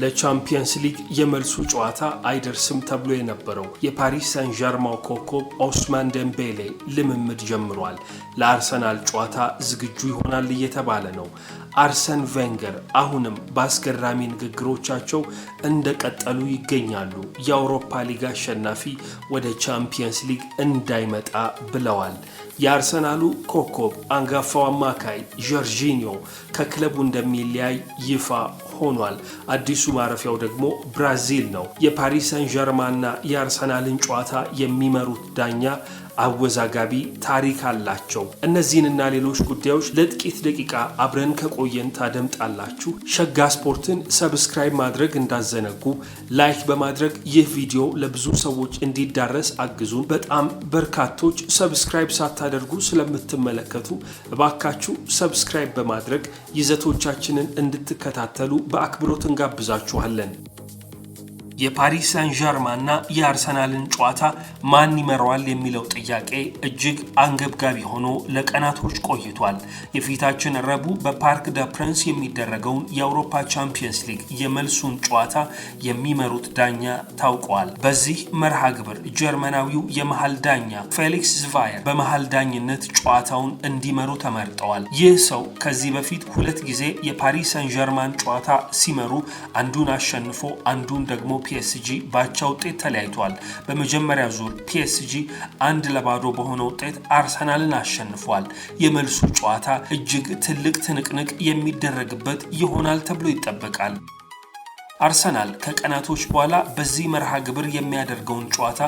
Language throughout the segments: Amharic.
ለቻምፒየንስ ሊግ የመልሱ ጨዋታ አይደርስም ተብሎ የነበረው የፓሪስ ሳን ዣርማው ኮከብ ኦስማን ደምቤሌ ልምምድ ጀምሯል። ለአርሰናል ጨዋታ ዝግጁ ይሆናል እየተባለ ነው። አርሰን ቬንገር አሁንም በአስገራሚ ንግግሮቻቸው እንደቀጠሉ ይገኛሉ። የአውሮፓ ሊግ አሸናፊ ወደ ቻምፒየንስ ሊግ እንዳይመጣ ብለዋል። የአርሰናሉ ኮከብ አንጋፋው አማካይ ጆርጂኒዮ ከክለቡ እንደሚለያይ ይፋ ሆኗል። አዲሱ ማረፊያው ደግሞ ብራዚል ነው። የፓሪስ ሰን ዠርማና የአርሰናልን ጨዋታ የሚመሩት ዳኛ አወዛጋቢ ታሪክ አላቸው። እነዚህንና ሌሎች ጉዳዮች ለጥቂት ደቂቃ አብረን ከቆየን ታደምጣላችሁ። ሸጋ ስፖርትን ሰብስክራይብ ማድረግ እንዳዘነጉ፣ ላይክ በማድረግ ይህ ቪዲዮ ለብዙ ሰዎች እንዲዳረስ አግዙን። በጣም በርካቶች ሰብስክራይብ ሳታደርጉ ስለምትመለከቱ እባካችሁ ሰብስክራይብ በማድረግ ይዘቶቻችንን እንድትከታተሉ በአክብሮት እንጋብዛችኋለን። የፓሪስ ሳን ና የአርሰናልን ጨዋታ ማን ይመራዋል የሚለው ጥያቄ እጅግ አንገብጋቢ ሆኖ ለቀናቶች ቆይቷል። የፊታችን ረቡዕ በፓርክ ደ ፕረንስ የሚደረገውን የአውሮፓ ቻምፒየንስ ሊግ የመልሱን ጨዋታ የሚመሩት ዳኛ ታውቋል። በዚህ መርሃ ግብር ጀርመናዊው የመሃል ዳኛ ፌሊክስ ዝቫየር በመሃል ዳኝነት ጨዋታውን እንዲመሩ ተመርጠዋል። ይህ ሰው ከዚህ በፊት ሁለት ጊዜ የፓሪስ ሳን ዣርማን ጨዋታ ሲመሩ አንዱን አሸንፎ አንዱን ደግሞ ፒኤስጂ ባቻ ውጤት ተለያይቷል። በመጀመሪያ ዙር ፒኤስጂ አንድ ለባዶ በሆነ ውጤት አርሰናልን አሸንፏል። የመልሱ ጨዋታ እጅግ ትልቅ ትንቅንቅ የሚደረግበት ይሆናል ተብሎ ይጠበቃል። አርሰናል ከቀናቶች በኋላ በዚህ መርሃ ግብር የሚያደርገውን ጨዋታ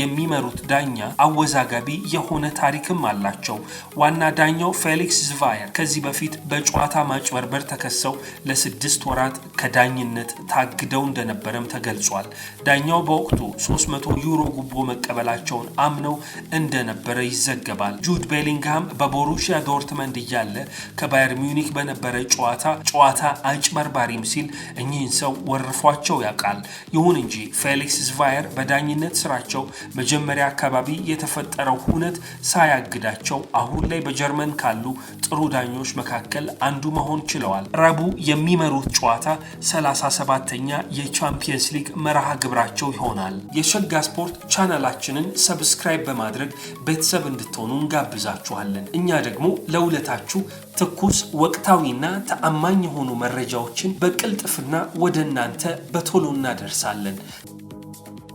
የሚመሩት ዳኛ አወዛጋቢ የሆነ ታሪክም አላቸው። ዋና ዳኛው ፌሊክስ ዝቫየር ከዚህ በፊት በጨዋታ ማጭበርበር ተከሰው ለስድስት ወራት ከዳኝነት ታግደው እንደነበረም ተገልጿል። ዳኛው በወቅቱ 300 ዩሮ ጉቦ መቀበላቸውን አምነው እንደነበረ ይዘገባል። ጁድ ቤሊንግሃም በቦሩሺያ ዶርትመንድ እያለ ከባየር ሚዩኒክ በነበረ ጨዋታ ጨዋታ አጭበርባሪም ሲል እኚህን ሰው አስወርፏቸው ያውቃል። ይሁን እንጂ ፌሊክስ ዝቫየር በዳኝነት ስራቸው መጀመሪያ አካባቢ የተፈጠረው ሁነት ሳያግዳቸው አሁን ላይ በጀርመን ካሉ ጥሩ ዳኞች መካከል አንዱ መሆን ችለዋል። ረቡዕ የሚመሩት ጨዋታ 37ተኛ የቻምፒየንስ ሊግ መርሃ ግብራቸው ይሆናል። የሸጋ ስፖርት ቻናላችንን ሰብስክራይብ በማድረግ ቤተሰብ እንድትሆኑ እንጋብዛችኋለን። እኛ ደግሞ ለውለታችሁ ትኩስ ወቅታዊና ተአማኝ የሆኑ መረጃዎችን በቅልጥፍና ወደ ለእናንተ በቶሎ እናደርሳለን።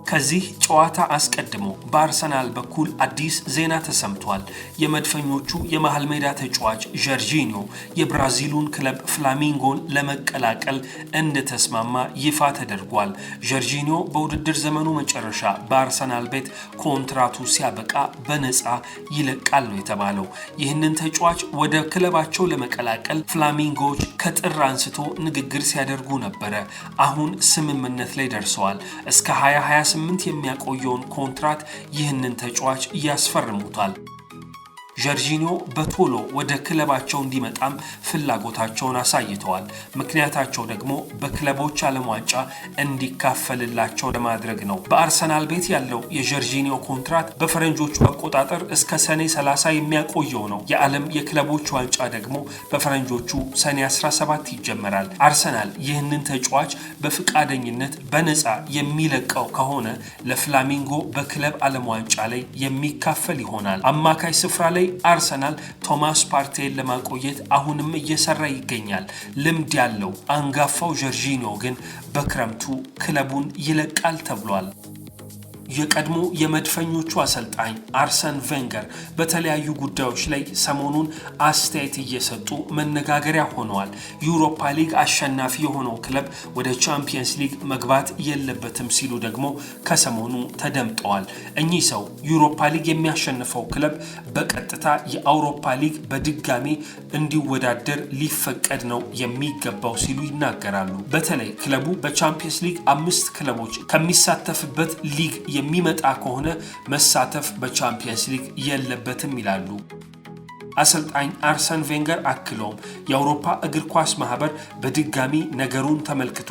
ከዚህ ጨዋታ አስቀድሞ በአርሰናል በኩል አዲስ ዜና ተሰምቷል። የመድፈኞቹ የመሃል ሜዳ ተጫዋች ዠርጂኒዮ የብራዚሉን ክለብ ፍላሚንጎን ለመቀላቀል እንደተስማማ ይፋ ተደርጓል። ዠርጂኒዮ በውድድር ዘመኑ መጨረሻ በአርሰናል ቤት ኮንትራቱ ሲያበቃ በነፃ ይለቃል ነው የተባለው። ይህንን ተጫዋች ወደ ክለባቸው ለመቀላቀል ፍላሚንጎዎች ከጥር አንስቶ ንግግር ሲያደርጉ ነበረ። አሁን ስምምነት ላይ ደርሰዋል። እስከ 20 28 የሚያቆየውን ኮንትራት ይህንን ተጫዋች ያስፈርሙታል። ጀርጂኒዮ በቶሎ ወደ ክለባቸው እንዲመጣም ፍላጎታቸውን አሳይተዋል። ምክንያታቸው ደግሞ በክለቦች ዓለም ዋንጫ እንዲካፈልላቸው ለማድረግ ነው። በአርሰናል ቤት ያለው የጀርጂኒዮ ኮንትራት በፈረንጆቹ አቆጣጠር እስከ ሰኔ 30 የሚያቆየው ነው። የዓለም የክለቦች ዋንጫ ደግሞ በፈረንጆቹ ሰኔ 17 ይጀመራል። አርሰናል ይህንን ተጫዋች በፈቃደኝነት በነፃ የሚለቀው ከሆነ ለፍላሚንጎ በክለብ ዓለም ዋንጫ ላይ የሚካፈል ይሆናል። አማካይ ስፍራ ላይ ላይ አርሰናል ቶማስ ፓርቴን ለማቆየት አሁንም እየሰራ ይገኛል። ልምድ ያለው አንጋፋው ጆርጂኒዮ ግን በክረምቱ ክለቡን ይለቃል ተብሏል። የቀድሞ የመድፈኞቹ አሰልጣኝ አርሰን ቬንገር በተለያዩ ጉዳዮች ላይ ሰሞኑን አስተያየት እየሰጡ መነጋገሪያ ሆነዋል። ዩሮፓ ሊግ አሸናፊ የሆነው ክለብ ወደ ቻምፒየንስ ሊግ መግባት የለበትም ሲሉ ደግሞ ከሰሞኑ ተደምጠዋል። እኚህ ሰው ዩሮፓ ሊግ የሚያሸንፈው ክለብ በቀጥታ የአውሮፓ ሊግ በድጋሚ እንዲወዳደር ሊፈቀድ ነው የሚገባው ሲሉ ይናገራሉ። በተለይ ክለቡ በቻምፒየንስ ሊግ አምስት ክለቦች ከሚሳተፍበት ሊግ የሚመጣ ከሆነ መሳተፍ በቻምፒየንስ ሊግ የለበትም ይላሉ። አሰልጣኝ አርሰን ቬንገር አክለውም የአውሮፓ እግር ኳስ ማህበር በድጋሚ ነገሩን ተመልክቶ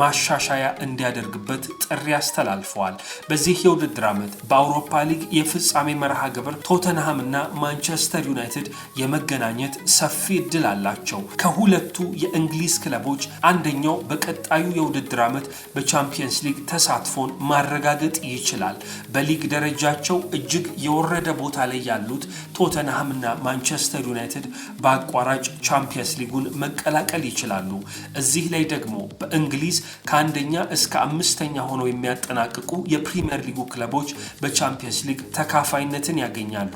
ማሻሻያ እንዲያደርግበት ጥሪ አስተላልፈዋል። በዚህ የውድድር ዓመት በአውሮፓ ሊግ የፍጻሜ መርሃ ግብር ቶተንሃም እና ማንቸስተር ዩናይትድ የመገናኘት ሰፊ እድል አላቸው። ከሁለቱ የእንግሊዝ ክለቦች አንደኛው በቀጣዩ የውድድር ዓመት በቻምፒየንስ ሊግ ተሳትፎን ማረጋገጥ ይችላል። በሊግ ደረጃቸው እጅግ የወረደ ቦታ ላይ ያሉት ቶተንሃምና ማንቸስተር ዩናይትድ በአቋራጭ ቻምፒየንስ ሊጉን መቀላቀል ይችላሉ። እዚህ ላይ ደግሞ በእንግሊዝ ከአንደኛ እስከ አምስተኛ ሆነው የሚያጠናቅቁ የፕሪምየር ሊጉ ክለቦች በቻምፒየንስ ሊግ ተካፋይነትን ያገኛሉ።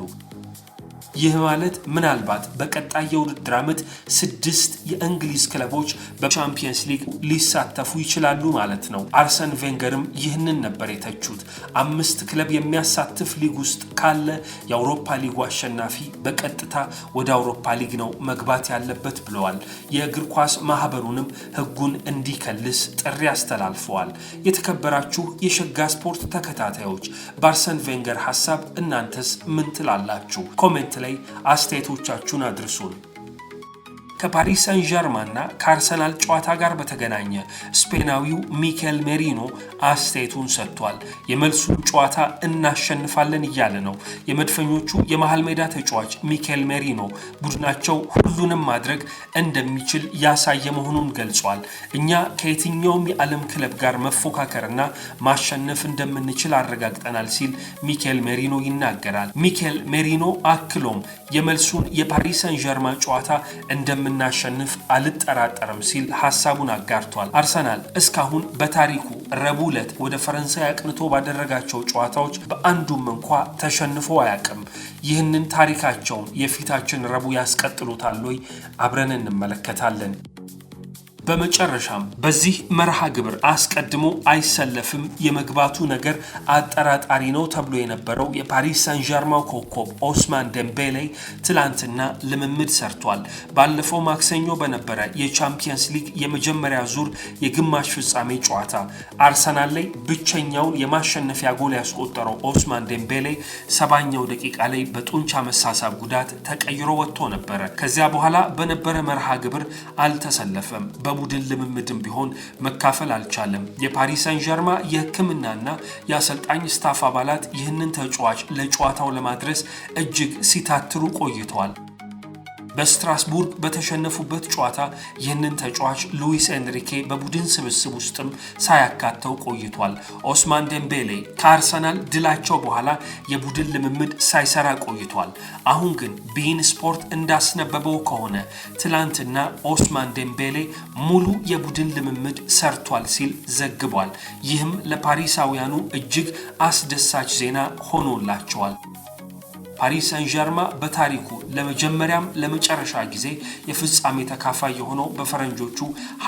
ይህ ማለት ምናልባት በቀጣይ የውድድር ዓመት ስድስት የእንግሊዝ ክለቦች በቻምፒየንስ ሊግ ሊሳተፉ ይችላሉ ማለት ነው። አርሰን ቬንገርም ይህንን ነበር የተቹት። አምስት ክለብ የሚያሳትፍ ሊግ ውስጥ ካለ የአውሮፓ ሊጉ አሸናፊ በቀጥታ ወደ አውሮፓ ሊግ ነው መግባት ያለበት ብለዋል። የእግር ኳስ ማህበሩንም ህጉን እንዲከልስ ጥሪ አስተላልፈዋል። የተከበራችሁ የሸጋ ስፖርት ተከታታዮች በአርሰን ቬንገር ሀሳብ እናንተስ ምን ትላላችሁ? ኮሜንት ላይ ላይ አስተያየቶቻችሁን አድርሱን። ከፓሪስ ሳን ዠርማና ከአርሰናል ጨዋታ ጋር በተገናኘ ስፔናዊው ሚኬል ሜሪኖ አስተያየቱን ሰጥቷል። የመልሱን ጨዋታ እናሸንፋለን እያለ ነው። የመድፈኞቹ የመሃል ሜዳ ተጫዋች ሚኬል ሜሪኖ ቡድናቸው ሁሉንም ማድረግ እንደሚችል ያሳየ መሆኑን ገልጿል። እኛ ከየትኛውም የዓለም ክለብ ጋር መፎካከርና ማሸነፍ እንደምንችል አረጋግጠናል ሲል ሚኬል ሜሪኖ ይናገራል። ሚኬል ሜሪኖ አክሎም የመልሱን የፓሪስ ሳን ዠርማን ጨዋታ እንደም እንደምናሸንፍ አልጠራጠርም ሲል ሀሳቡን አጋርቷል። አርሰናል እስካሁን በታሪኩ ረቡዕ ዕለት ወደ ፈረንሳይ አቅንቶ ባደረጋቸው ጨዋታዎች በአንዱም እንኳ ተሸንፎ አያውቅም። ይህንን ታሪካቸውን የፊታችን ረቡዕ ያስቀጥሉታል ወይ? አብረን እንመለከታለን። በመጨረሻም በዚህ መርሃ ግብር አስቀድሞ አይሰለፍም የመግባቱ ነገር አጠራጣሪ ነው ተብሎ የነበረው የፓሪስ ሳን ዠርማው ኮከብ ኦስማን ደምቤሌ ትላንትና ልምምድ ሰርቷል። ባለፈው ማክሰኞ በነበረ የቻምፒየንስ ሊግ የመጀመሪያ ዙር የግማሽ ፍጻሜ ጨዋታ አርሰናል ላይ ብቸኛውን የማሸነፊያ ጎል ያስቆጠረው ኦስማን ደምቤሌ ሰባኛው ደቂቃ ላይ በጡንቻ መሳሳብ ጉዳት ተቀይሮ ወጥቶ ነበረ። ከዚያ በኋላ በነበረ መርሃ ግብር አልተሰለፈም። በቡድን ልምምድም ቢሆን መካፈል አልቻለም። የፓሪስ ሰን ዠርማ የሕክምናና የአሰልጣኝ ስታፍ አባላት ይህንን ተጫዋች ለጨዋታው ለማድረስ እጅግ ሲታትሩ ቆይተዋል። በስትራስቡርግ በተሸነፉበት ጨዋታ ይህንን ተጫዋች ሉዊስ ኤንሪኬ በቡድን ስብስብ ውስጥም ሳያካተው ቆይቷል። ኦስማን ደምቤሌ ከአርሰናል ድላቸው በኋላ የቡድን ልምምድ ሳይሰራ ቆይቷል። አሁን ግን ቢን ስፖርት እንዳስነበበው ከሆነ ትላንትና ኦስማን ደምቤሌ ሙሉ የቡድን ልምምድ ሰርቷል ሲል ዘግቧል። ይህም ለፓሪሳውያኑ እጅግ አስደሳች ዜና ሆኖላቸዋል። ፓሪስ ሳን ዠርማ በታሪኩ ለመጀመሪያም ለመጨረሻ ጊዜ የፍጻሜ ተካፋይ የሆነው በፈረንጆቹ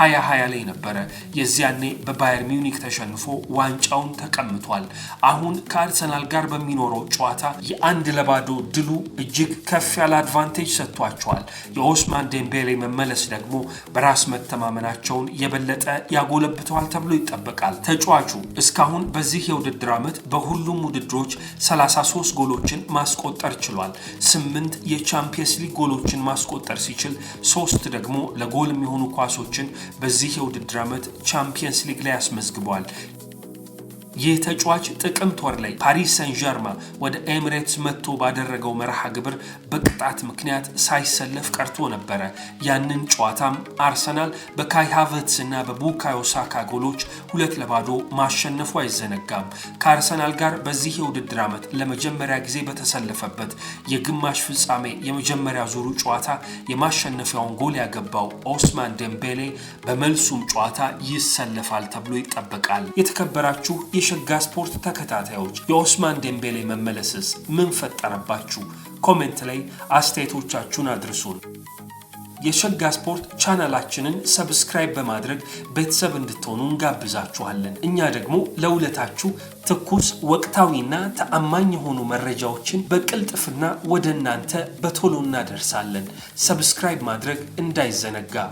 2020 ላይ ነበረ። የዚያኔ በባየር ሚውኒክ ተሸንፎ ዋንጫውን ተቀምጧል። አሁን ከአርሰናል ጋር በሚኖረው ጨዋታ የአንድ ለባዶ ድሉ እጅግ ከፍ ያለ አድቫንቴጅ ሰጥቷቸዋል። የኦስማን ዴምቤሌ መመለስ ደግሞ በራስ መተማመናቸውን የበለጠ ያጎለብተዋል ተብሎ ይጠበቃል። ተጫዋቹ እስካሁን በዚህ የውድድር ዓመት በሁሉም ውድድሮች 33 ጎሎችን ማስቆጠ ማስቆጠር ችሏል። ስምንት የቻምፒየንስ ሊግ ጎሎችን ማስቆጠር ሲችል ሶስት ደግሞ ለጎል የሚሆኑ ኳሶችን በዚህ የውድድር ዓመት ቻምፒየንስ ሊግ ላይ አስመዝግቧል። ይህ ተጫዋች ጥቅምት ወር ላይ ፓሪስ ሰን ዠርማ ወደ ኤምሬትስ መጥቶ ባደረገው መርሃ ግብር በቅጣት ምክንያት ሳይሰለፍ ቀርቶ ነበረ። ያንን ጨዋታም አርሰናል በካይ ሃቨርትስ እና በቡካዮ ሳካ ጎሎች ሁለት ለባዶ ማሸነፉ አይዘነጋም። ከአርሰናል ጋር በዚህ የውድድር ዓመት ለመጀመሪያ ጊዜ በተሰለፈበት የግማሽ ፍጻሜ የመጀመሪያ ዙሩ ጨዋታ የማሸነፊያውን ጎል ያገባው ኦስማን ደምቤሌ በመልሱም ጨዋታ ይሰለፋል ተብሎ ይጠበቃል። የተከበራችሁ የሸጋ ስፖርት ተከታታዮች የኦስማን ዴምቤሌ መመለስስ ምን ፈጠረባችሁ? ኮሜንት ላይ አስተያየቶቻችሁን አድርሱን። የሸጋ ስፖርት ቻናላችንን ሰብስክራይብ በማድረግ ቤተሰብ እንድትሆኑ እንጋብዛችኋለን። እኛ ደግሞ ለውለታችሁ ትኩስ ወቅታዊና ተአማኝ የሆኑ መረጃዎችን በቅልጥፍና ወደ እናንተ በቶሎ እናደርሳለን። ሰብስክራይብ ማድረግ እንዳይዘነጋ።